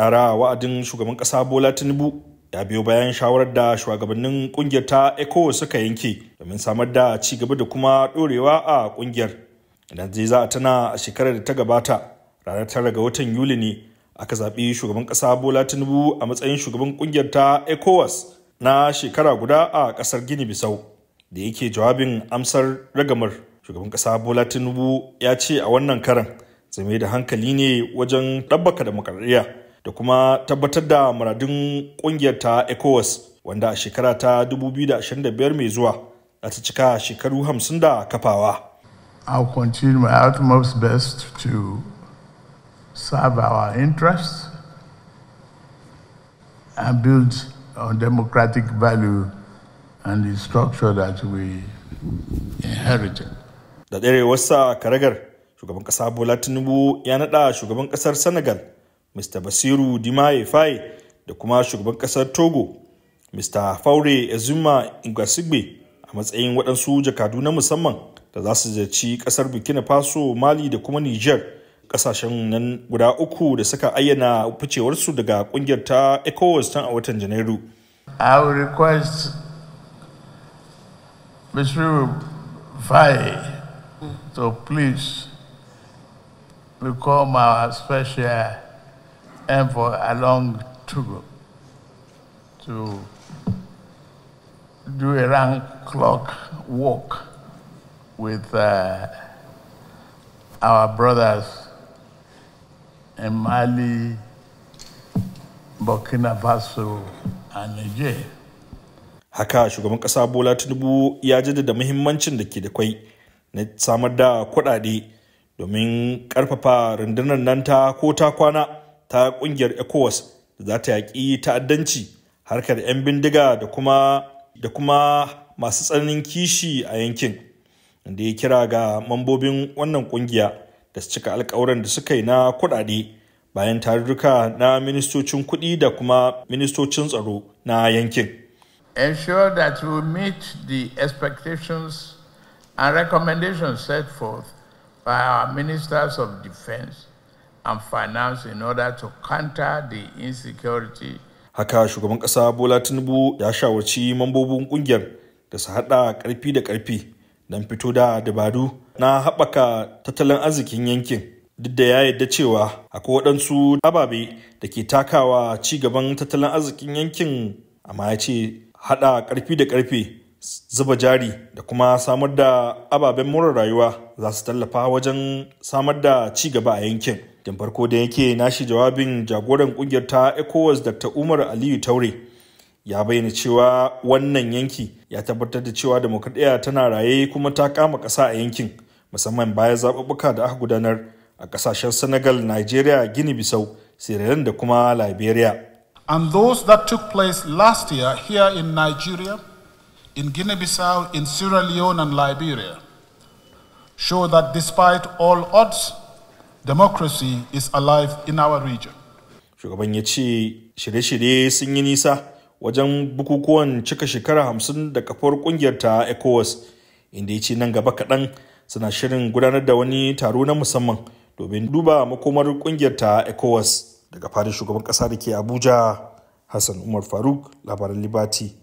kara wa'adin shugaban kasa bola tinubu ya biyo bayan shawarar da shugabannin kungiyar ta eco suka yanke domin samar da ci gaba da kuma dorewa a kungiyar idan zai za a tana a shekarar da ta gabata ranar tara ga watan yuli ne aka zaɓi shugaban ƙasa bola tinubu a matsayin shugaban kungiyar ta ecowas na shekara guda a ƙasar gini bisau da yake jawabin amsar ragamar shugaban ƙasa bola tinubu ya ce a wannan karan zai mai da hankali ne wajen ɗabbaka da da kuma tabbatar da muradun kungiyar ta ECOWAS wanda a shekara ta 2025 mai zuwa za ta cika shekaru 50 da kafawa. I'll continue my utmost best to serve our interests and build on democratic value and the structure that we inherited. Da ɗarewarsa karagar, shugaban kasa Bola Tinubu ya naɗa shugaban ƙasar Senegal mr basiru dimaye faye da kuma shugaban kasar togo mr faure ezuma ingasigbe a matsayin waɗansu jakadu na musamman da za su ziyarci kasar burkina faso mali da kuma niger kasashen nan guda uku da suka ayyana ficewarsu daga kungiyar ta ecowas tan a watan janairu i will request mr to please become our special and for a long trip to do a round clock walk with uh, our brothers in Mali, Burkina Faso, and Niger. Haka shugaban ƙasa Bola Tinubu ya jaddada muhimmancin da ke da kwai na samar da kuɗaɗe domin ƙarfafa rundunar nan ta ko ta kwana ta kungiyar ECOWAS da za ta yaƙi ta'addanci harkar 'yan bindiga da kuma da kuma masu tsananin kishi a yankin da ya kira ga mambobin wannan kungiya da su cika alkawuran da suka yi na kuɗaɗe bayan tarurruka na ministocin kuɗi da kuma ministocin tsaro na yankin. Ensure that we meet the expectations and recommendations set forth by our ministers of defense and finance in order to counter the insecurity. Haka shugaban ƙasa Bola Tinubu ya shawarci mambobin ƙungiyar da su haɗa ƙarfi da ƙarfi don fito da dabaru na haɓaka tattalin arzikin yankin. Duk da ya yadda cewa akwai waɗansu ababe da ke takawa ci gaban tattalin arzikin yankin amma ya ce haɗa karfi da karfe zuba jari da kuma samar da ababen more rayuwa za su tallafa wajen samar da ci gaba a yankin dan farko da yake nashi jawabin jagoran kungiyar ta ecowas dr umar aliyu taure ya bayyana cewa wannan yanki ya tabbatar da cewa demokradiyya tana raye kuma ta kama ƙasa a yankin musamman bayan zaɓuɓɓuka da aka gudanar a ƙasashen senegal nigeria guinea bissau sierra da kuma liberia and those that took place last year here in nigeria in Guinea-Bissau, in Sierra Leone and Liberia show that despite all odds, democracy is alive in our region. Shugaban ya ce shirye-shirye sun yi nisa wajen bukukuwan cika shekara hamsin da kafar kungiyar ta ECOWAS inda ya ce nan gaba kaɗan suna shirin gudanar da wani taro na musamman domin duba makomar kungiyar ta ECOWAS daga fadin shugaban ƙasa da ke Abuja Hassan Umar Faruk labaran Libati.